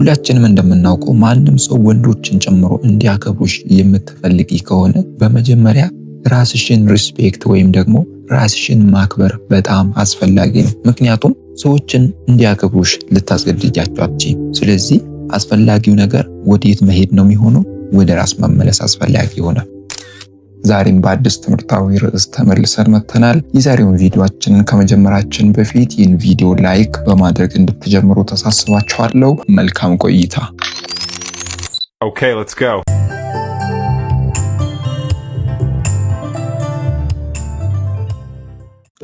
ሁላችንም እንደምናውቀው ማንም ሰው ወንዶችን ጨምሮ እንዲያከብሩሽ የምትፈልጊ ከሆነ በመጀመሪያ ራስሽን ሪስፔክት ወይም ደግሞ ራስሽን ማክበር በጣም አስፈላጊ ነው። ምክንያቱም ሰዎችን እንዲያከብሩሽ ልታስገድጃቸው አትችይም። ስለዚህ አስፈላጊው ነገር ወዴት መሄድ ነው የሚሆነው? ወደ ራስ መመለስ አስፈላጊ ይሆናል። ዛሬም በአዲስ ትምህርታዊ ርዕስ ተመልሰን መጥተናል። የዛሬውን ቪዲዮችንን ከመጀመራችን በፊት ይህን ቪዲዮ ላይክ በማድረግ እንድትጀምሩ ተሳስባችኋለሁ። መልካም ቆይታ። Okay, let's go.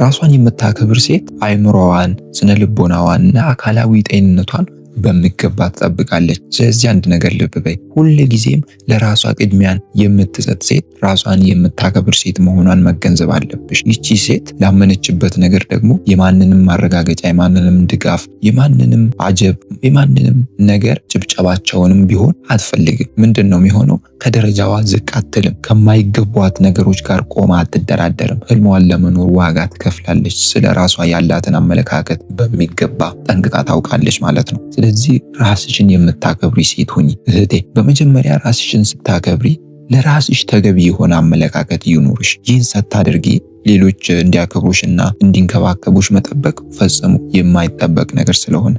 ራሷን የምታከብር ሴት አይምሮዋን፣ ስነ ልቦናዋን እና አካላዊ ጤንነቷን በሚገባ ትጠብቃለች። ስለዚህ አንድ ነገር ልብ በይ፣ ሁል ጊዜም ለራሷ ቅድሚያን የምትሰጥ ሴት፣ ራሷን የምታከብር ሴት መሆኗን መገንዘብ አለብሽ። ይቺ ሴት ላመነችበት ነገር ደግሞ የማንንም ማረጋገጫ፣ የማንንም ድጋፍ፣ የማንንም አጀብ፣ የማንንም ነገር ጭብጨባቸውንም ቢሆን አትፈልግም። ምንድን ነው የሚሆነው? ከደረጃዋ ዝቅ አትልም። ከማይገቧት ነገሮች ጋር ቆማ አትደራደርም። ህልሟን ለመኖር ዋጋ ትከፍላለች። ስለ ራሷ ያላትን አመለካከት በሚገባ ጠንቅቃ ታውቃለች ማለት ነው። ስለዚህ ራስሽን የምታከብሪ ሴት ሁኚ እህቴ። በመጀመሪያ ራስሽን ስታከብሪ ለራስሽ ተገቢ የሆነ አመለካከት ይኑርሽ። ይህን ሳታደርጊ ሌሎች እንዲያከብሩሽና እንዲንከባከቡሽ መጠበቅ ፈጽሞ የማይጠበቅ ነገር ስለሆነ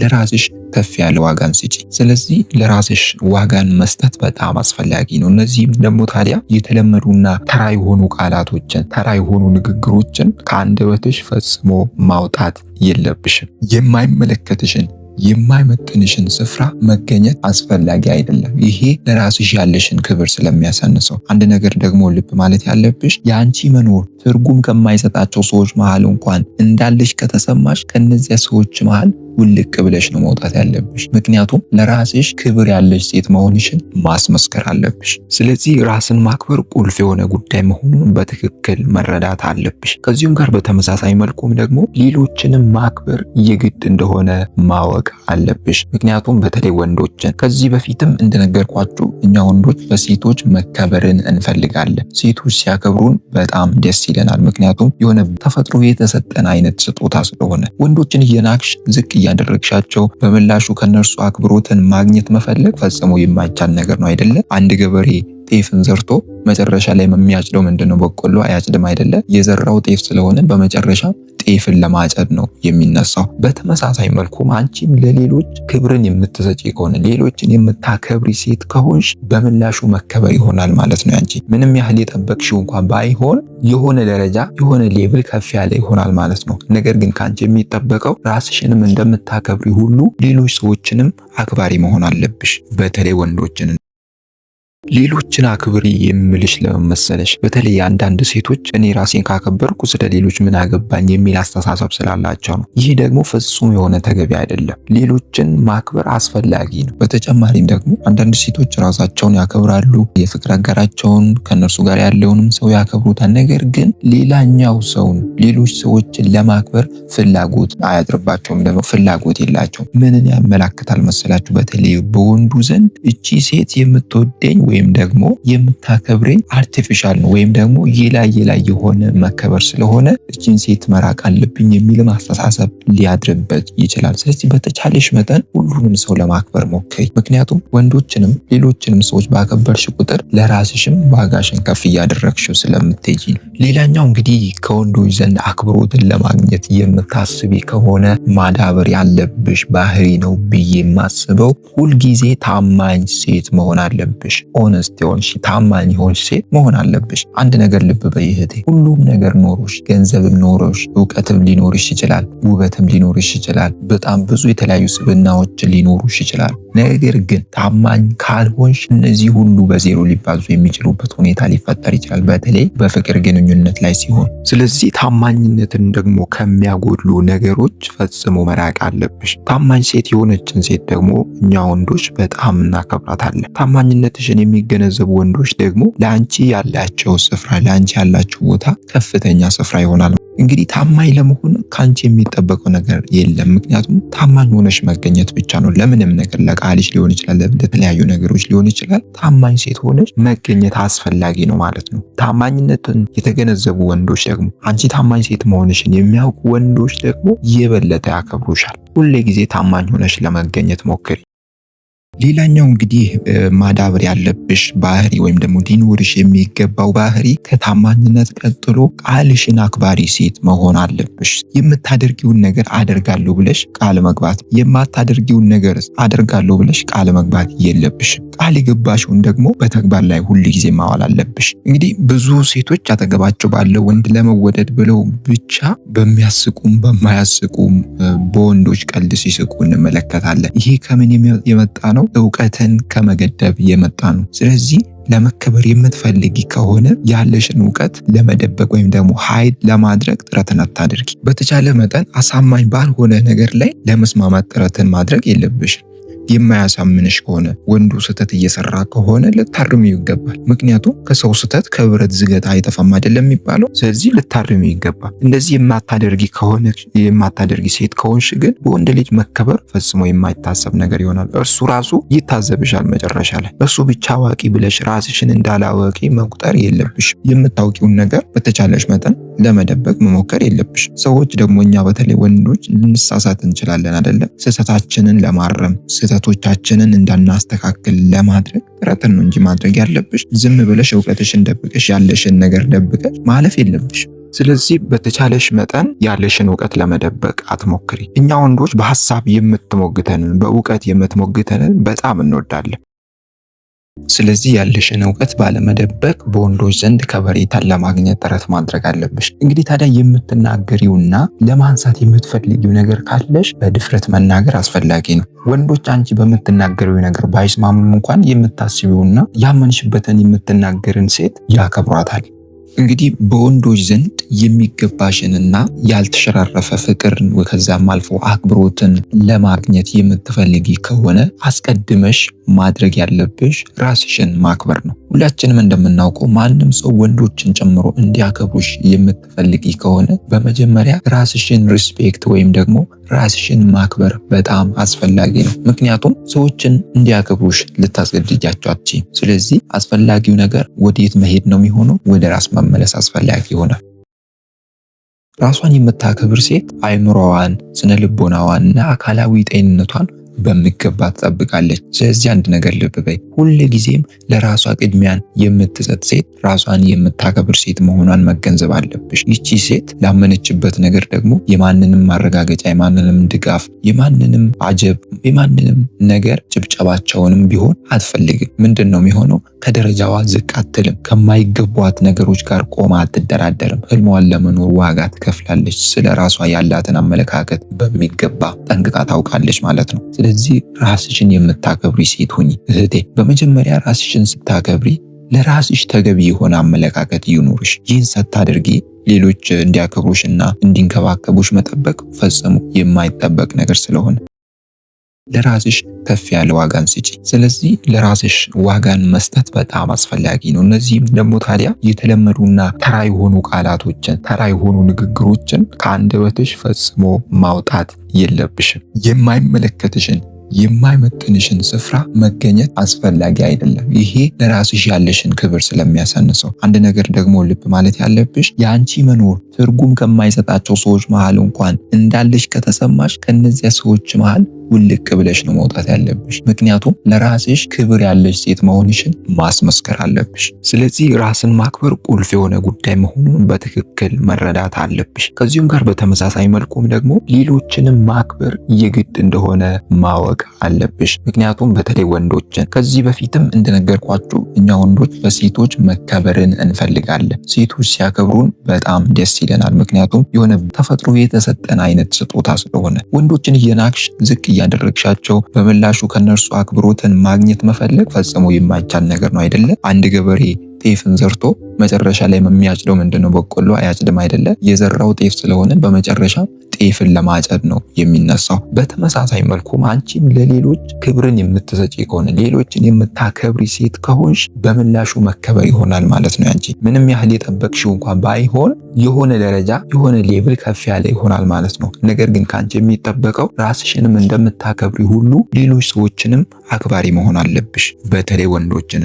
ለራስሽ ከፍ ያለ ዋጋን ስጪ። ስለዚህ ለራስሽ ዋጋን መስጠት በጣም አስፈላጊ ነው። እነዚህም ደግሞ ታዲያ የተለመዱና ተራ የሆኑ ቃላቶችን ተራ የሆኑ ንግግሮችን ከአንደበትሽ ፈጽሞ ማውጣት የለብሽም። የማይመለከትሽን የማይመጥንሽን ስፍራ መገኘት አስፈላጊ አይደለም። ይሄ ለራስሽ ያለሽን ክብር ስለሚያሳንሰው። አንድ ነገር ደግሞ ልብ ማለት ያለብሽ የአንቺ መኖር ትርጉም ከማይሰጣቸው ሰዎች መሃል እንኳን እንዳለሽ ከተሰማሽ ከነዚያ ሰዎች መሃል ውልቅ ብለሽ ነው መውጣት ያለብሽ። ምክንያቱም ለራስሽ ክብር ያለሽ ሴት መሆንሽን ማስመስከር አለብሽ። ስለዚህ ራስን ማክበር ቁልፍ የሆነ ጉዳይ መሆኑን በትክክል መረዳት አለብሽ። ከዚሁም ጋር በተመሳሳይ መልኩም ደግሞ ሌሎችንም ማክበር የግድ እንደሆነ ማወቅ አለብሽ። ምክንያቱም በተለይ ወንዶችን ከዚህ በፊትም እንደነገርኳችሁ እኛ ወንዶች በሴቶች መከበርን እንፈልጋለን። ሴቶች ሲያከብሩን በጣም ደስ ይለናል። ምክንያቱም የሆነ ተፈጥሮ የተሰጠን አይነት ስጦታ ስለሆነ ወንዶችን እየናክሽ ዝቅ እያደረግሻቸው በምላሹ ከነርሱ አክብሮትን ማግኘት መፈለግ ፈጽሞ የማይቻል ነገር ነው አይደለም። አንድ ገበሬ ጤፍን ዘርቶ መጨረሻ ላይ የሚያጭደው ምንድን ነው? በቆሎ አያጭድም አይደለ? የዘራው ጤፍ ስለሆነ በመጨረሻ ጤፍን ለማጨድ ነው የሚነሳው። በተመሳሳይ መልኩም አንቺም ለሌሎች ክብርን የምትሰጪ ከሆነ ሌሎችን የምታከብሪ ሴት ከሆንሽ በምላሹ መከበር ይሆናል ማለት ነው። ያንቺ ምንም ያህል የጠበቅሽው እንኳን ባይሆን የሆነ ደረጃ የሆነ ሌቭል ከፍ ያለ ይሆናል ማለት ነው። ነገር ግን ከአንቺ የሚጠበቀው ራስሽንም እንደምታከብሪ ሁሉ ሌሎች ሰዎችንም አክባሪ መሆን አለብሽ፣ በተለይ ወንዶችን ሌሎችን አክብሪ የምልሽ ለመመሰለሽ በተለይ አንዳንድ ሴቶች እኔ ራሴን ካከበርኩ ስለ ሌሎች ምን አገባኝ የሚል አስተሳሰብ ስላላቸው ነው። ይህ ደግሞ ፍጹም የሆነ ተገቢ አይደለም። ሌሎችን ማክበር አስፈላጊ ነው። በተጨማሪም ደግሞ አንዳንድ ሴቶች ራሳቸውን ያከብራሉ፣ የፍቅር አጋራቸውን ከእነርሱ ጋር ያለውንም ሰው ያከብሩታል። ነገር ግን ሌላኛው ሰውን ሌሎች ሰዎችን ለማክበር ፍላጎት አያድርባቸውም፣ ደግሞ ፍላጎት የላቸውም። ምንን ያመላክታል መሰላችሁ? በተለይ በወንዱ ዘንድ እቺ ሴት የምትወደኝ ወይም ደግሞ የምታከብረኝ አርቲፊሻል ነው ወይም ደግሞ የላይ የላይ የሆነ መከበር ስለሆነ እችን ሴት መራቅ አለብኝ የሚልም አስተሳሰብ ሊያድርበት ይችላል። ስለዚህ በተቻለሽ መጠን ሁሉንም ሰው ለማክበር ሞክሪ። ምክንያቱም ወንዶችንም ሌሎችንም ሰዎች ባከበርሽ ቁጥር ለራስሽም ዋጋሽን ከፍ እያደረግሽው ስለምትጂ። ሌላኛው እንግዲህ ከወንዶች ዘንድ አክብሮትን ለማግኘት የምታስቢ ከሆነ ማዳበር ያለብሽ ባህሪ ነው ብዬ የማስበው ሁልጊዜ ታማኝ ሴት መሆን አለብሽ። ኦነስት የሆንሽ ታማኝ የሆንሽ ሴት መሆን አለብሽ። አንድ ነገር ልብ በይ እህቴ፣ ሁሉም ነገር ኖሮሽ፣ ገንዘብም ኖሮሽ፣ እውቀትም ሊኖርሽ ይችላል፣ ውበትም ሊኖርሽ ይችላል፣ በጣም ብዙ የተለያዩ ስብናዎች ሊኖሩሽ ይችላል። ነገር ግን ታማኝ ካልሆንሽ እነዚህ ሁሉ በዜሮ ሊባዙ የሚችሉበት ሁኔታ ሊፈጠር ይችላል፣ በተለይ በፍቅር ግንኙነት ላይ ሲሆን። ስለዚህ ታማኝነትን ደግሞ ከሚያጎድሉ ነገሮች ፈጽሞ መራቅ አለብሽ። ታማኝ ሴት የሆነችን ሴት ደግሞ እኛ ወንዶች በጣም እናከብራታለን። ታማኝነትሽን የሚገነዘቡ ወንዶች ደግሞ ለአንቺ ያላቸው ስፍራ ለአንቺ ያላቸው ቦታ ከፍተኛ ስፍራ ይሆናል። እንግዲህ ታማኝ ለመሆን ከአንቺ የሚጠበቀው ነገር የለም። ምክንያቱም ታማኝ ሆነሽ መገኘት ብቻ ነው። ለምንም ነገር ለቃልሽ ሊሆን ይችላል፣ ለተለያዩ ነገሮች ሊሆን ይችላል። ታማኝ ሴት ሆነሽ መገኘት አስፈላጊ ነው ማለት ነው። ታማኝነትን የተገነዘቡ ወንዶች ደግሞ አንቺ ታማኝ ሴት መሆንሽን የሚያውቁ ወንዶች ደግሞ የበለጠ ያከብሩሻል። ሁሌ ጊዜ ታማኝ ሆነሽ ለመገኘት ሞክሪ። ሌላኛው እንግዲህ ማዳበር ያለብሽ ባህሪ ወይም ደግሞ ሊኖርሽ የሚገባው ባህሪ ከታማኝነት ቀጥሎ ቃልሽን አክባሪ ሴት መሆን አለብሽ። የምታደርጊውን ነገር አደርጋለሁ ብለሽ ቃል መግባት፣ የማታደርጊውን ነገር አደርጋለሁ ብለሽ ቃል መግባት የለብሽ። ቃል የገባሽውን ደግሞ በተግባር ላይ ሁል ጊዜ ማዋል አለብሽ። እንግዲህ ብዙ ሴቶች አጠገባቸው ባለው ወንድ ለመወደድ ብለው ብቻ በሚያስቁም በማያስቁም በወንዶች ቀልድ ሲስቁ እንመለከታለን። ይሄ ከምን የመጣ ነው? እውቀትን ከመገደብ የመጣ ነው። ስለዚህ ለመከበር የምትፈልጊ ከሆነ ያለሽን እውቀት ለመደበቅ ወይም ደግሞ ሀይድ ለማድረግ ጥረትን አታድርጊ። በተቻለ መጠን አሳማኝ ባልሆነ ነገር ላይ ለመስማማት ጥረትን ማድረግ የለብሽም። የማያሳምንሽ ከሆነ ወንዱ ስህተት እየሰራ ከሆነ ልታርሚው ይገባል። ምክንያቱም ከሰው ስህተት ከብረት ዝገት አይጠፋም አይደለም የሚባለው። ስለዚህ ልታርሚው ይገባል። እንደዚህ የማታደርጊ ከሆነ የማታደርጊ ሴት ከሆንሽ ግን በወንድ ልጅ መከበር ፈጽሞ የማይታሰብ ነገር ይሆናል። እርሱ ራሱ ይታዘብሻል። መጨረሻ ላይ እሱ ብቻ አዋቂ ብለሽ ራስሽን እንዳላዋቂ መቁጠር የለብሽ። የምታውቂውን ነገር በተቻለሽ መጠን ለመደበቅ መሞከር የለብሽ። ሰዎች ደግሞ እኛ በተለይ ወንዶች ልንሳሳት እንችላለን አይደለም ስህተታችንን ለማረም ስህተቶቻችንን እንዳናስተካክል ለማድረግ ጥረትን ነው እንጂ ማድረግ ያለብሽ። ዝም ብለሽ እውቀትሽን ደብቀሽ ያለሽን ነገር ደብቀሽ ማለፍ የለብሽ። ስለዚህ በተቻለሽ መጠን ያለሽን እውቀት ለመደበቅ አትሞክሪ። እኛ ወንዶች በሀሳብ የምትሞግተንን በእውቀት የምትሞግተንን በጣም እንወዳለን። ስለዚህ ያለሽን እውቀት ባለመደበቅ በወንዶች ዘንድ ከበሬታን ለማግኘት ጥረት ማድረግ አለብሽ። እንግዲህ ታዲያ የምትናገሪውና ለማንሳት የምትፈልጊው ነገር ካለሽ በድፍረት መናገር አስፈላጊ ነው። ወንዶች አንቺ በምትናገሪው ነገር ባይስማሙም እንኳን የምታስቢውና ያመንሽበትን የምትናገርን ሴት ያከብሯታል። እንግዲህ በወንዶች ዘንድ የሚገባሽንና ያልተሸራረፈ ፍቅርን ከዛም አልፎ አክብሮትን ለማግኘት የምትፈልጊ ከሆነ አስቀድመሽ ማድረግ ያለብሽ ራስሽን ማክበር ነው። ሁላችንም እንደምናውቀው ማንም ሰው ወንዶችን ጨምሮ እንዲያከብሩሽ የምትፈልጊ ከሆነ በመጀመሪያ ራስሽን ሪስፔክት ወይም ደግሞ ራስሽን ማክበር በጣም አስፈላጊ ነው። ምክንያቱም ሰዎችን እንዲያከብሩሽ ልታስገድጃቸው አትችይም። ስለዚህ አስፈላጊው ነገር ወዴት መሄድ ነው የሚሆነው? ወደ ራስ መመለስ አስፈላጊ ይሆናል። ራሷን የምታከብር ሴት አይምሮዋን፣ ስነ ልቦናዋን እና አካላዊ ጤንነቷን በሚገባ ትጠብቃለች። ስለዚህ አንድ ነገር ልብ በይ፣ ሁል ጊዜም ለራሷ ቅድሚያን የምትሰጥ ሴት፣ ራሷን የምታከብር ሴት መሆኗን መገንዘብ አለብሽ። ይቺ ሴት ላመነችበት ነገር ደግሞ የማንንም ማረጋገጫ፣ የማንንም ድጋፍ፣ የማንንም አጀብ፣ የማንንም ነገር ጭብጨባቸውንም ቢሆን አትፈልግም። ምንድን ነው የሚሆነው? ከደረጃዋ ዝቅ አትልም። ከማይገቧት ነገሮች ጋር ቆማ አትደራደርም። ህልሟን ለመኖር ዋጋ ትከፍላለች። ስለ ራሷ ያላትን አመለካከት በሚገባ ጠንቅቃ ታውቃለች ማለት ነው። ስለዚህ ራስሽን የምታከብሪ ሴት ሁኚ እህቴ። በመጀመሪያ ራስሽን ስታከብሪ ለራስሽ ተገቢ የሆነ አመለካከት ይኑርሽ። ይህን ሳታደርጊ ሌሎች እንዲያከብሩሽና እንዲንከባከቡሽ መጠበቅ ፈጽሞ የማይጠበቅ ነገር ስለሆነ ለራስሽ ከፍ ያለ ዋጋን ስጪ። ስለዚህ ለራስሽ ዋጋን መስጠት በጣም አስፈላጊ ነው። እነዚህም ደግሞ ታዲያ የተለመዱና ተራ የሆኑ ቃላቶችን ተራ የሆኑ ንግግሮችን ከአንደበትሽ ፈጽሞ ማውጣት የለብሽም። የማይመለከትሽን የማይመጥንሽን ስፍራ መገኘት አስፈላጊ አይደለም። ይሄ ለራስሽ ያለሽን ክብር ስለሚያሳንሰው። አንድ ነገር ደግሞ ልብ ማለት ያለብሽ የአንቺ መኖር ትርጉም ከማይሰጣቸው ሰዎች መሃል እንኳን እንዳለሽ ከተሰማሽ ከነዚያ ሰዎች መሃል ውልቅ ብለሽ ነው መውጣት ያለብሽ። ምክንያቱም ለራስሽ ክብር ያለሽ ሴት መሆንሽን ማስመስከር አለብሽ። ስለዚህ ራስን ማክበር ቁልፍ የሆነ ጉዳይ መሆኑን በትክክል መረዳት አለብሽ። ከዚሁም ጋር በተመሳሳይ መልኩም ደግሞ ሌሎችንም ማክበር የግድ እንደሆነ ማወቅ አለብሽ። ምክንያቱም በተለይ ወንዶችን ከዚህ በፊትም እንደነገርኳችሁ እኛ ወንዶች በሴቶች መከበርን እንፈልጋለን። ሴቶች ሲያከብሩን በጣም ደስ ይለናል። ምክንያቱም የሆነ ተፈጥሮ የተሰጠን አይነት ስጦታ ስለሆነ ወንዶችን እየናክሽ ዝቅ እያደረግሻቸው በምላሹ ከነርሱ አክብሮትን ማግኘት መፈለግ ፈጽሞ የማይቻል ነገር ነው አይደለ? አንድ ገበሬ ጤፍን ዘርቶ መጨረሻ ላይ የሚያጭደው ምንድነው በቆሎ አያጭድም አይደለ? የዘራው ጤፍ ስለሆነ በመጨረሻ ጤፍን ለማጨድ ነው የሚነሳው። በተመሳሳይ መልኩም አንቺም ለሌሎች ክብርን የምትሰጪ ከሆነ ሌሎችን የምታከብሪ ሴት ከሆንሽ በምላሹ መከበር ይሆናል ማለት ነው። አንቺ ምንም ያህል የጠበቅሽው እንኳን ባይሆን የሆነ ደረጃ የሆነ ሌብል ከፍ ያለ ይሆናል ማለት ነው። ነገር ግን ከአንቺ የሚጠበቀው ራስሽንም እንደምታከብሪ ሁሉ ሌሎች ሰዎችንም አክባሪ መሆን አለብሽ፣ በተለይ ወንዶችን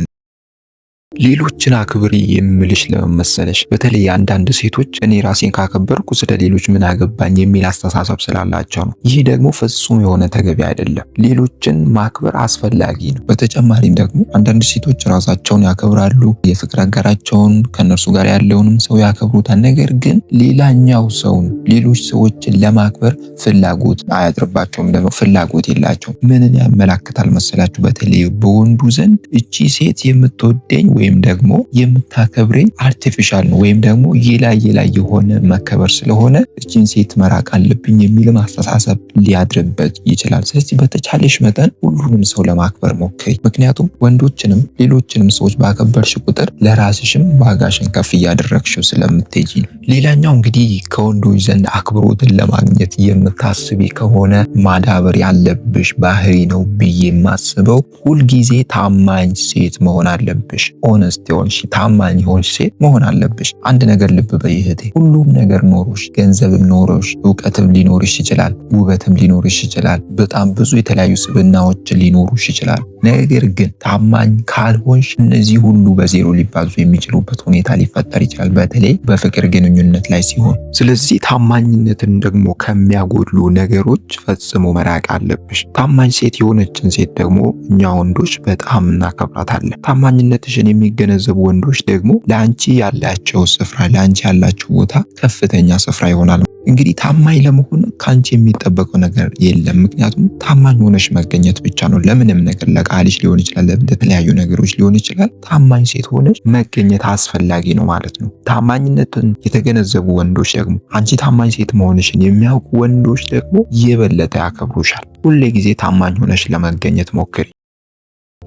ሌሎችን አክብሪ የምልሽ ለምን መሰለሽ? በተለይ አንዳንድ ሴቶች እኔ ራሴን ካከበርኩ ስለ ሌሎች ምን አገባኝ የሚል አስተሳሰብ ስላላቸው ነው። ይህ ደግሞ ፍጹም የሆነ ተገቢ አይደለም። ሌሎችን ማክበር አስፈላጊ ነው። በተጨማሪም ደግሞ አንዳንድ ሴቶች ራሳቸውን ያከብራሉ፣ የፍቅር አጋራቸውን ከእነርሱ ጋር ያለውንም ሰው ያከብሩታል። ነገር ግን ሌላኛው ሰውን ሌሎች ሰዎችን ለማክበር ፍላጎት አያድርባቸውም፣ ደግሞ ፍላጎት የላቸውም። ምንን ያመላክታል መሰላችሁ? በተለይ በወንዱ ዘንድ እቺ ሴት የምትወደኝ ወይም ደግሞ የምታከብረኝ አርቲፊሻል ነው ወይም ደግሞ የላይ የላይ የሆነ መከበር ስለሆነ እችን ሴት መራቅ አለብኝ የሚልም አስተሳሰብ ሊያድርበት ይችላል። ስለዚህ በተቻለሽ መጠን ሁሉንም ሰው ለማክበር ሞክሪ። ምክንያቱም ወንዶችንም ሌሎችንም ሰዎች ባከበርሽ ቁጥር ለራስሽም ዋጋሽን ከፍ እያደረግሽው ስለምትሄጂ ሌላኛው እንግዲህ ከወንዶች ዘንድ አክብሮትን ለማግኘት የምታስቢ ከሆነ ማዳበር ያለብሽ ባህሪ ነው ብዬ የማስበው ሁልጊዜ ታማኝ ሴት መሆን አለብሽ። ኦነስት የሆንሽ ታማኝ የሆንሽ ሴት መሆን አለብሽ። አንድ ነገር ልብ በይ እህቴ፣ ሁሉም ነገር ኖሮሽ፣ ገንዘብም ኖሮሽ፣ እውቀትም ሊኖርሽ ይችላል፣ ውበትም ሊኖርሽ ይችላል፣ በጣም ብዙ የተለያዩ ስብናዎች ሊኖሩሽ ይችላል። ነገር ግን ታማኝ ካልሆንሽ እነዚህ ሁሉ በዜሮ ሊባዙ የሚችሉበት ሁኔታ ሊፈጠር ይችላል። በተለይ በፍቅር ግን ግንኙነት ላይ ሲሆን፣ ስለዚህ ታማኝነትን ደግሞ ከሚያጎድሉ ነገሮች ፈጽሞ መራቅ አለብሽ። ታማኝ ሴት የሆነችን ሴት ደግሞ እኛ ወንዶች በጣም እናከብራታለን። ታማኝነትሽን የሚገነዘቡ ወንዶች ደግሞ ለአንቺ ያላቸው ስፍራ፣ ለአንቺ ያላቸው ቦታ ከፍተኛ ስፍራ ይሆናል። እንግዲህ ታማኝ ለመሆን ከአንቺ የሚጠበቀው ነገር የለም። ምክንያቱም ታማኝ ሆነሽ መገኘት ብቻ ነው። ለምንም ነገር ለቃልሽ ሊሆን ይችላል፣ ለተለያዩ ነገሮች ሊሆን ይችላል። ታማኝ ሴት ሆነሽ መገኘት አስፈላጊ ነው ማለት ነው። ታማኝነትን የተገነዘቡ ወንዶች ደግሞ አንቺ ታማኝ ሴት መሆንሽን የሚያውቁ ወንዶች ደግሞ የበለጠ ያከብሩሻል። ሁሌ ጊዜ ታማኝ ሆነሽ ለመገኘት ሞክሪ።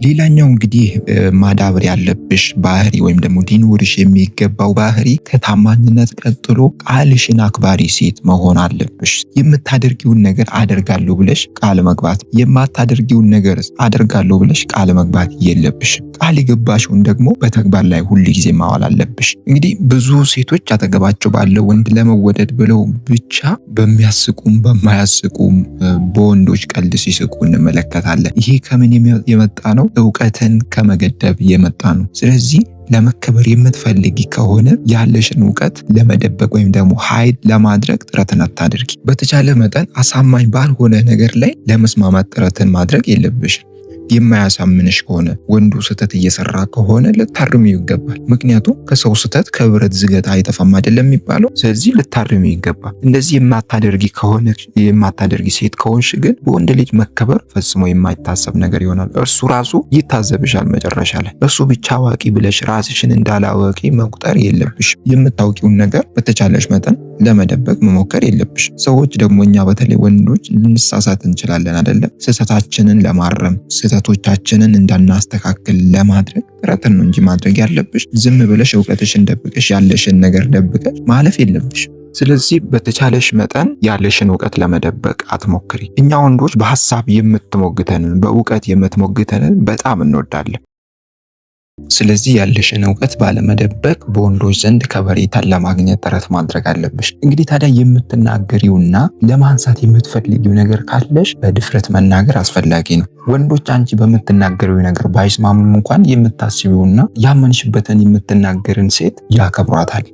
ሌላኛው እንግዲህ ማዳበር ያለብሽ ባህሪ ወይም ደግሞ ሊኖርሽ የሚገባው ባህሪ ከታማኝነት ቀጥሎ ቃልሽን አክባሪ ሴት መሆን አለብሽ። የምታደርጊውን ነገር አደርጋለሁ ብለሽ ቃል መግባት፣ የማታደርጊውን ነገር አደርጋለሁ ብለሽ ቃል መግባት የለብሽ። ቃል የገባሽውን ደግሞ በተግባር ላይ ሁል ጊዜ ማዋል አለብሽ። እንግዲህ ብዙ ሴቶች አጠገባቸው ባለው ወንድ ለመወደድ ብለው ብቻ በሚያስቁም በማያስቁም በወንዶች ቀልድ ሲስቁ እንመለከታለን። ይሄ ከምን የመጣ ነው? የሚመጣው እውቀትን ከመገደብ የመጣ ነው። ስለዚህ ለመከበር የምትፈልጊ ከሆነ ያለሽን እውቀት ለመደበቅ ወይም ደግሞ ሀይድ ለማድረግ ጥረትን አታድርጊ። በተቻለ መጠን አሳማኝ ባልሆነ ነገር ላይ ለመስማማት ጥረትን ማድረግ የለብሽም። የማያሳምንሽ ከሆነ ወንዱ ስህተት እየሰራ ከሆነ ልታርሚው ይገባል። ምክንያቱም ከሰው ስህተት ከብረት ዝገት አይጠፋም አይደለም የሚባለው። ስለዚህ ልታርሚው ይገባል። እንደዚህ የማታደርጊ ከሆነ የማታደርጊ ሴት ከሆንሽ ግን በወንድ ልጅ መከበር ፈጽሞ የማይታሰብ ነገር ይሆናል። እርሱ ራሱ ይታዘብሻል። መጨረሻ ላይ እሱ ብቻ አዋቂ ብለሽ ራስሽን እንዳላዋቂ መቁጠር የለብሽ። የምታውቂውን ነገር በተቻለሽ መጠን ለመደበቅ መሞከር የለብሽ። ሰዎች ደግሞ እኛ በተለይ ወንዶች ልንሳሳት እንችላለን አይደለም? ስህተታችንን ለማረም ስህተቶቻችንን እንዳናስተካክል ለማድረግ ጥረትን ነው እንጂ ማድረግ ያለብሽ ዝም ብለሽ እውቀትሽን ደብቀሽ ያለሽን ነገር ደብቀሽ ማለፍ የለብሽ። ስለዚህ በተቻለሽ መጠን ያለሽን እውቀት ለመደበቅ አትሞክሪ። እኛ ወንዶች በሀሳብ የምትሞግተንን በእውቀት የምትሞግተንን በጣም እንወዳለን። ስለዚህ ያለሽን እውቀት ባለመደበቅ በወንዶች ዘንድ ከበሬታን ለማግኘት ጥረት ማድረግ አለብሽ። እንግዲህ ታዲያ የምትናገሪውና ለማንሳት የምትፈልጊው ነገር ካለሽ በድፍረት መናገር አስፈላጊ ነው። ወንዶች አንቺ በምትናገሪው ነገር ባይስማሙም እንኳን የምታስቢውና ያመንሽበትን የምትናገርን ሴት ያከብሯታል።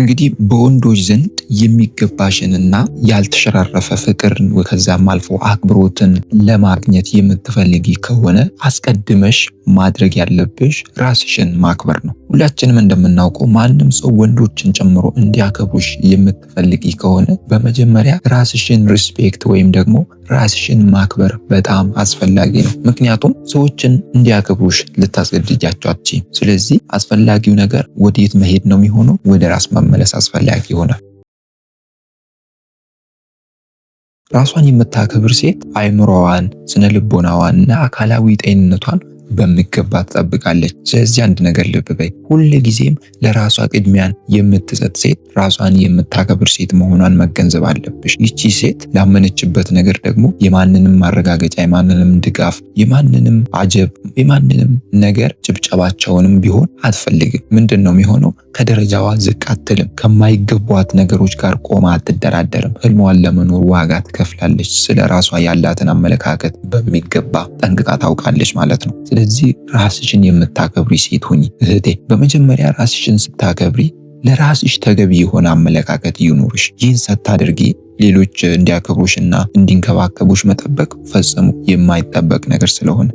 እንግዲህ በወንዶች ዘንድ የሚገባሽንና ያልተሸራረፈ ፍቅርን ከዛም አልፎ አክብሮትን ለማግኘት የምትፈልጊ ከሆነ አስቀድመሽ ማድረግ ያለብሽ ራስሽን ማክበር ነው። ሁላችንም እንደምናውቀው ማንም ሰው ወንዶችን ጨምሮ እንዲያከብሩሽ የምትፈልጊ ከሆነ በመጀመሪያ ራስሽን ሪስፔክት ወይም ደግሞ ራስሽን ማክበር በጣም አስፈላጊ ነው። ምክንያቱም ሰዎችን እንዲያከብሩሽ ልታስገድጃቸው አትችይም። ስለዚህ አስፈላጊው ነገር ወዴት መሄድ ነው የሚሆነው? ወደ ራስ መመለስ አስፈላጊ ይሆናል። ራሷን የምታከብር ሴት አይምሯዋን፣ ስነ ልቦናዋን እና አካላዊ ጤንነቷን በሚገባ ትጠብቃለች። ስለዚህ አንድ ነገር ልብ በይ፣ ሁል ጊዜም ለራሷ ቅድሚያን የምትሰጥ ሴት፣ ራሷን የምታከብር ሴት መሆኗን መገንዘብ አለብሽ። ይቺ ሴት ላመነችበት ነገር ደግሞ የማንንም ማረጋገጫ፣ የማንንም ድጋፍ፣ የማንንም አጀብ፣ የማንንም ነገር ጭብጨባቸውንም ቢሆን አትፈልግም። ምንድን ነው የሚሆነው? ከደረጃዋ ዝቅ አትልም። ከማይገቧት ነገሮች ጋር ቆማ አትደራደርም። ህልሟን ለመኖር ዋጋ ትከፍላለች። ስለ ራሷ ያላትን አመለካከት በሚገባ ጠንቅቃ ታውቃለች ማለት ነው። ስለዚህ ራስሽን የምታከብሪ ሴት ሁኚ እህቴ። በመጀመሪያ ራስሽን ስታከብሪ ለራስሽ ተገቢ የሆነ አመለካከት ይኑርሽ። ይህን ሳታደርጊ ሌሎች እንዲያከብሩሽና እንዲንከባከቡሽ መጠበቅ ፈጽሞ የማይጠበቅ ነገር ስለሆነ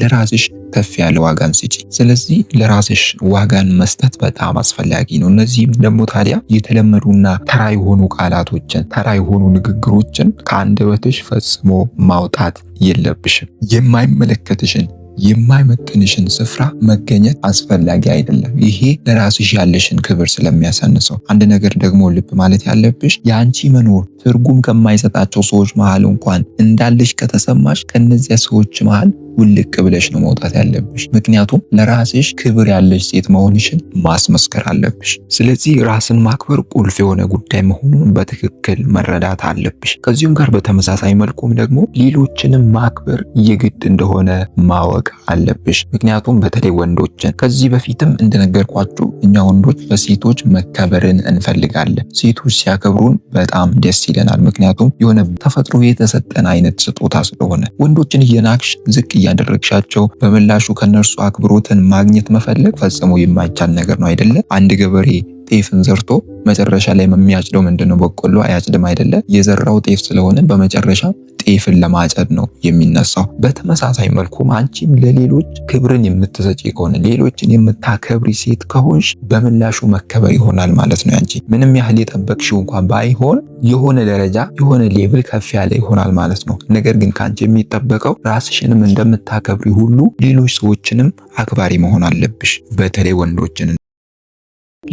ለራስሽ ከፍ ያለ ዋጋን ስጪ። ስለዚህ ለራስሽ ዋጋን መስጠት በጣም አስፈላጊ ነው። እነዚህም ደግሞ ታዲያ የተለመዱና ተራ የሆኑ ቃላቶችን ተራ የሆኑ ንግግሮችን ከአንደበትሽ ፈጽሞ ማውጣት የለብሽም። የማይመለከትሽን የማይመጥንሽን ስፍራ መገኘት አስፈላጊ አይደለም። ይሄ ለራስሽ ያለሽን ክብር ስለሚያሳንሰው። አንድ ነገር ደግሞ ልብ ማለት ያለብሽ የአንቺ መኖር ትርጉም ከማይሰጣቸው ሰዎች መሃል እንኳን እንዳለሽ ከተሰማሽ ከነዚያ ሰዎች መሃል ውልቅ ብለሽ ነው መውጣት ያለብሽ። ምክንያቱም ለራስሽ ክብር ያለሽ ሴት መሆንሽን ማስመስከር አለብሽ። ስለዚህ ራስን ማክበር ቁልፍ የሆነ ጉዳይ መሆኑን በትክክል መረዳት አለብሽ። ከዚሁም ጋር በተመሳሳይ መልኩም ደግሞ ሌሎችንም ማክበር የግድ እንደሆነ ማወቅ አለብሽ። ምክንያቱም በተለይ ወንዶችን ከዚህ በፊትም እንደነገርኳችሁ እኛ ወንዶች በሴቶች መከበርን እንፈልጋለን። ሴቶች ሲያከብሩን በጣም ደስ ይለናል። ምክንያቱም የሆነ ተፈጥሮ የተሰጠን አይነት ስጦታ ስለሆነ ወንዶችን እየናክሽ ዝቅ እያ እያደረግሻቸው በምላሹ ከነርሱ አክብሮትን ማግኘት መፈለግ ፈጽሞ የማይቻል ነገር ነው አይደለ? አንድ ገበሬ ጤፍን ዘርቶ መጨረሻ ላይ የሚያጭደው ምንድነው በቆሎ አያጭድም አይደለ? የዘራው ጤፍ ስለሆነ በመጨረሻ ጤፍን ለማጨድ ነው የሚነሳው። በተመሳሳይ መልኩም አንቺም ለሌሎች ክብርን የምትሰጪ ከሆነ ሌሎችን የምታከብሪ ሴት ከሆንሽ በምላሹ መከበር ይሆናል ማለት ነው። ያንቺ ምንም ያህል የጠበቅሽው እንኳን ባይሆን የሆነ ደረጃ የሆነ ሌቭል ከፍ ያለ ይሆናል ማለት ነው። ነገር ግን ከአንቺ የሚጠበቀው ራስሽንም እንደምታከብሪ ሁሉ ሌሎች ሰዎችንም አክባሪ መሆን አለብሽ። በተለይ ወንዶችን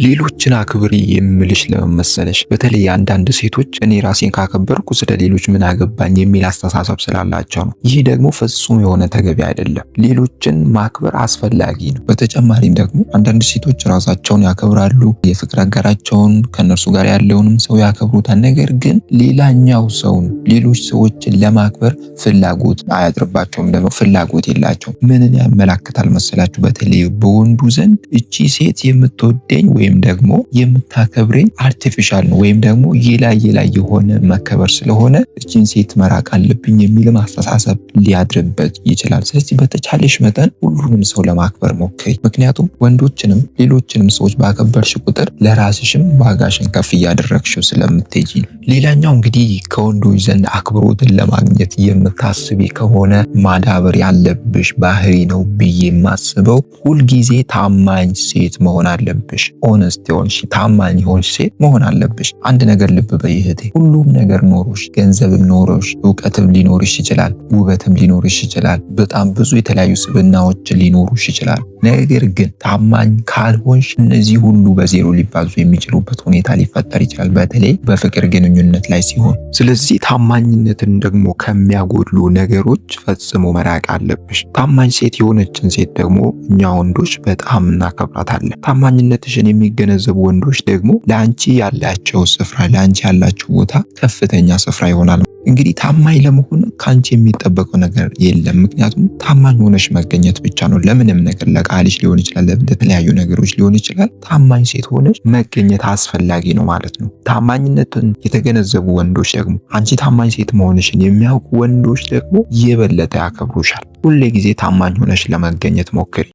ሌሎችን አክብሪ የምልሽ ለመመሰለሽ በተለይ አንዳንድ ሴቶች እኔ ራሴን ካከበርኩ ስለ ሌሎች ምን አገባኝ የሚል አስተሳሰብ ስላላቸው ነው። ይህ ደግሞ ፍጹም የሆነ ተገቢ አይደለም። ሌሎችን ማክበር አስፈላጊ ነው። በተጨማሪም ደግሞ አንዳንድ ሴቶች ራሳቸውን ያከብራሉ፣ የፍቅር አጋራቸውን ከእነርሱ ጋር ያለውንም ሰው ያከብሩታል። ነገር ግን ሌላኛው ሰውን ሌሎች ሰዎችን ለማክበር ፍላጎት አያድርባቸውም፣ ደግሞ ፍላጎት የላቸውም። ምንን ያመላክታል መሰላችሁ? በተለይ በወንዱ ዘንድ እቺ ሴት የምትወደኝ ወይ ወይም ደግሞ የምታከብረኝ አርቲፊሻል ነው ወይም ደግሞ የላይ የላይ የሆነ መከበር ስለሆነ እችን ሴት መራቅ አለብኝ የሚልም አስተሳሰብ ሊያድርበት ይችላል። ስለዚህ በተቻለሽ መጠን ሁሉንም ሰው ለማክበር ሞክሪ። ምክንያቱም ወንዶችንም ሌሎችንም ሰዎች ባከበርሽ ቁጥር ለራስሽም ዋጋሽን ከፍ እያደረግሽው ስለምትጂ። ሌላኛው እንግዲህ ከወንዶች ዘንድ አክብሮትን ለማግኘት የምታስቢ ከሆነ ማዳበር ያለብሽ ባህሪ ነው ብዬ የማስበው ሁልጊዜ ታማኝ ሴት መሆን አለብሽ። ኦነስት የሆንሽ ታማኝ የሆንሽ ሴት መሆን አለብሽ። አንድ ነገር ልብ በይ እህቴ፣ ሁሉም ነገር ኖሮሽ፣ ገንዘብም ኖሮሽ፣ እውቀትም ሊኖርሽ ይችላል፣ ውበትም ሊኖርሽ ይችላል፣ በጣም ብዙ የተለያዩ ስብናዎች ሊኖሩሽ ይችላል። ነገር ግን ታማኝ ካልሆንሽ እነዚህ ሁሉ በዜሮ ሊባዙ የሚችሉበት ሁኔታ ሊፈጠር ይችላል፣ በተለይ በፍቅር ግንኙነት ላይ ሲሆን። ስለዚህ ታማኝነትን ደግሞ ከሚያጎድሉ ነገሮች ፈጽሞ መራቅ አለብሽ። ታማኝ ሴት የሆነችን ሴት ደግሞ እኛ ወንዶች በጣም እናከብራታለን። ታማኝነትሽን የሚገነዘቡ ወንዶች ደግሞ ለአንቺ ያላቸው ስፍራ ለአንቺ ያላቸው ቦታ ከፍተኛ ስፍራ ይሆናል። እንግዲህ ታማኝ ለመሆን ከአንቺ የሚጠበቀው ነገር የለም። ምክንያቱም ታማኝ ሆነሽ መገኘት ብቻ ነው። ለምንም ነገር ለቃልሽ ሊሆን ይችላል፣ ለተለያዩ ነገሮች ሊሆን ይችላል። ታማኝ ሴት ሆነሽ መገኘት አስፈላጊ ነው ማለት ነው። ታማኝነትን የተገነዘቡ ወንዶች ደግሞ አንቺ ታማኝ ሴት መሆንሽን የሚያውቁ ወንዶች ደግሞ የበለጠ ያከብሩሻል። ሁሌ ጊዜ ታማኝ ሆነሽ ለመገኘት ሞክሪ።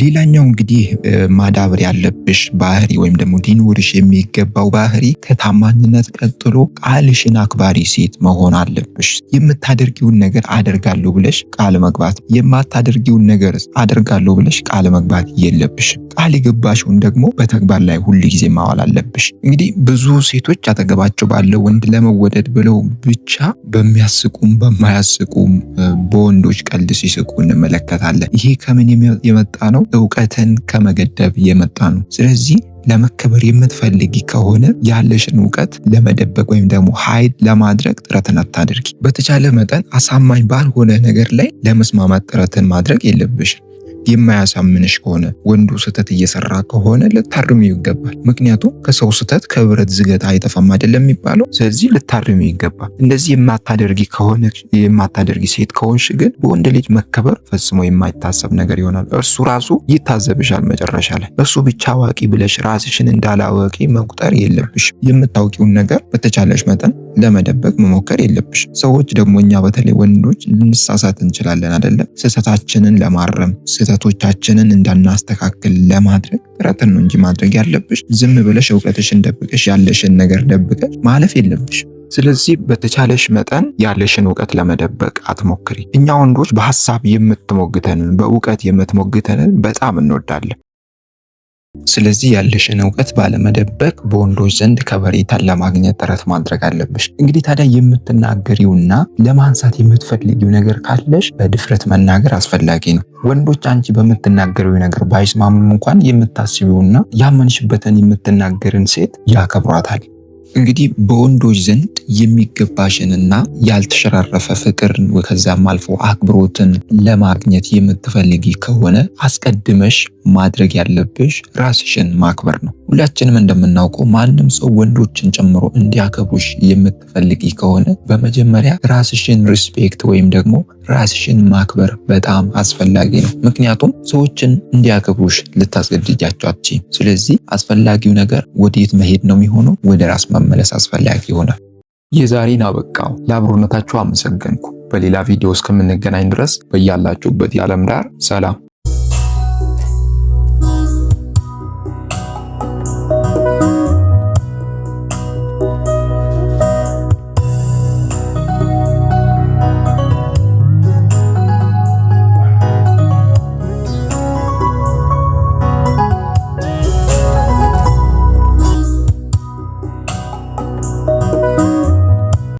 ሌላኛው እንግዲህ ማዳበር ያለብሽ ባህሪ ወይም ደግሞ ሊኖርሽ የሚገባው ባህሪ ከታማኝነት ቀጥሎ ቃልሽን አክባሪ ሴት መሆን አለብሽ። የምታደርጊውን ነገር አደርጋለሁ ብለሽ ቃል መግባት፣ የማታደርጊውን ነገር አደርጋለሁ ብለሽ ቃል መግባት የለብሽም። ቃል የገባሽውን ደግሞ በተግባር ላይ ሁል ጊዜ ማዋል አለብሽ። እንግዲህ ብዙ ሴቶች አጠገባቸው ባለው ወንድ ለመወደድ ብለው ብቻ በሚያስቁም በማያስቁም በወንዶች ቀልድ ሲስቁ እንመለከታለን። ይሄ ከምን የመጣ ነው? እውቀትን ከመገደብ የመጣ ነው። ስለዚህ ለመከበር የምትፈልጊ ከሆነ ያለሽን እውቀት ለመደበቅ ወይም ደግሞ ሀይድ ለማድረግ ጥረትን አታድርጊ። በተቻለ መጠን አሳማኝ ባልሆነ ነገር ላይ ለመስማማት ጥረትን ማድረግ የለብሽም። የማያሳምንሽ ከሆነ ወንዱ ስህተት እየሰራ ከሆነ ልታርሚው ይገባል። ምክንያቱም ከሰው ስህተት ከብረት ዝገት አይጠፋም አይደለም የሚባለው። ስለዚህ ልታርሚው ይገባል። እንደዚህ የማታደርጊ ከሆነ የማታደርጊ ሴት ከሆንሽ ግን በወንድ ልጅ መከበር ፈጽሞ የማይታሰብ ነገር ይሆናል። እርሱ ራሱ ይታዘብሻል። መጨረሻ ላይ እሱ ብቻ አዋቂ ብለሽ ራስሽን እንዳላወቂ መቁጠር የለብሽ። የምታውቂውን ነገር በተቻለሽ መጠን ለመደበቅ መሞከር የለብሽ። ሰዎች ደግሞ እኛ በተለይ ወንዶች ልንሳሳት እንችላለን አይደለም ስህተታችንን ለማረም ስህተቶቻችንን እንዳናስተካክል ለማድረግ ጥረትን ነው እንጂ ማድረግ ያለብሽ። ዝም ብለሽ እውቀትሽን ደብቀሽ ያለሽን ነገር ደብቀሽ ማለፍ የለብሽ። ስለዚህ በተቻለሽ መጠን ያለሽን እውቀት ለመደበቅ አትሞክሪ። እኛ ወንዶች በሀሳብ የምትሞግተንን በእውቀት የምትሞግተንን በጣም እንወዳለን። ስለዚህ ያለሽን እውቀት ባለመደበቅ በወንዶች ዘንድ ከበሬታን ለማግኘት ጥረት ማድረግ አለብሽ። እንግዲህ ታዲያ የምትናገሪውና ለማንሳት የምትፈልጊው ነገር ካለሽ በድፍረት መናገር አስፈላጊ ነው። ወንዶች አንቺ በምትናገሪው ነገር ባይስማሙም እንኳን የምታስቢውና ያመንሽበትን የምትናገርን ሴት ያከብሯታል። እንግዲህ በወንዶች ዘንድ የሚገባሽንና ያልተሸራረፈ ፍቅርን ከዛም አልፎ አክብሮትን ለማግኘት የምትፈልጊ ከሆነ አስቀድመሽ ማድረግ ያለብሽ ራስሽን ማክበር ነው። ሁላችንም እንደምናውቀው ማንም ሰው ወንዶችን ጨምሮ እንዲያከብሩሽ የምትፈልጊ ከሆነ በመጀመሪያ ራስሽን ሪስፔክት ወይም ደግሞ ራስሽን ማክበር በጣም አስፈላጊ ነው። ምክንያቱም ሰዎችን እንዲያከብሩሽ ልታስገድጃቸው አትችይም። ስለዚህ አስፈላጊው ነገር ወዴት መሄድ ነው የሚሆነው? ወደ ራስ መመለስ አስፈላጊ ይሆናል። የዛሬን አበቃው። ለአብሮነታችሁ አመሰገንኩ። በሌላ ቪዲዮ እስከምንገናኝ ድረስ በያላችሁበት የዓለም ዳር ሰላም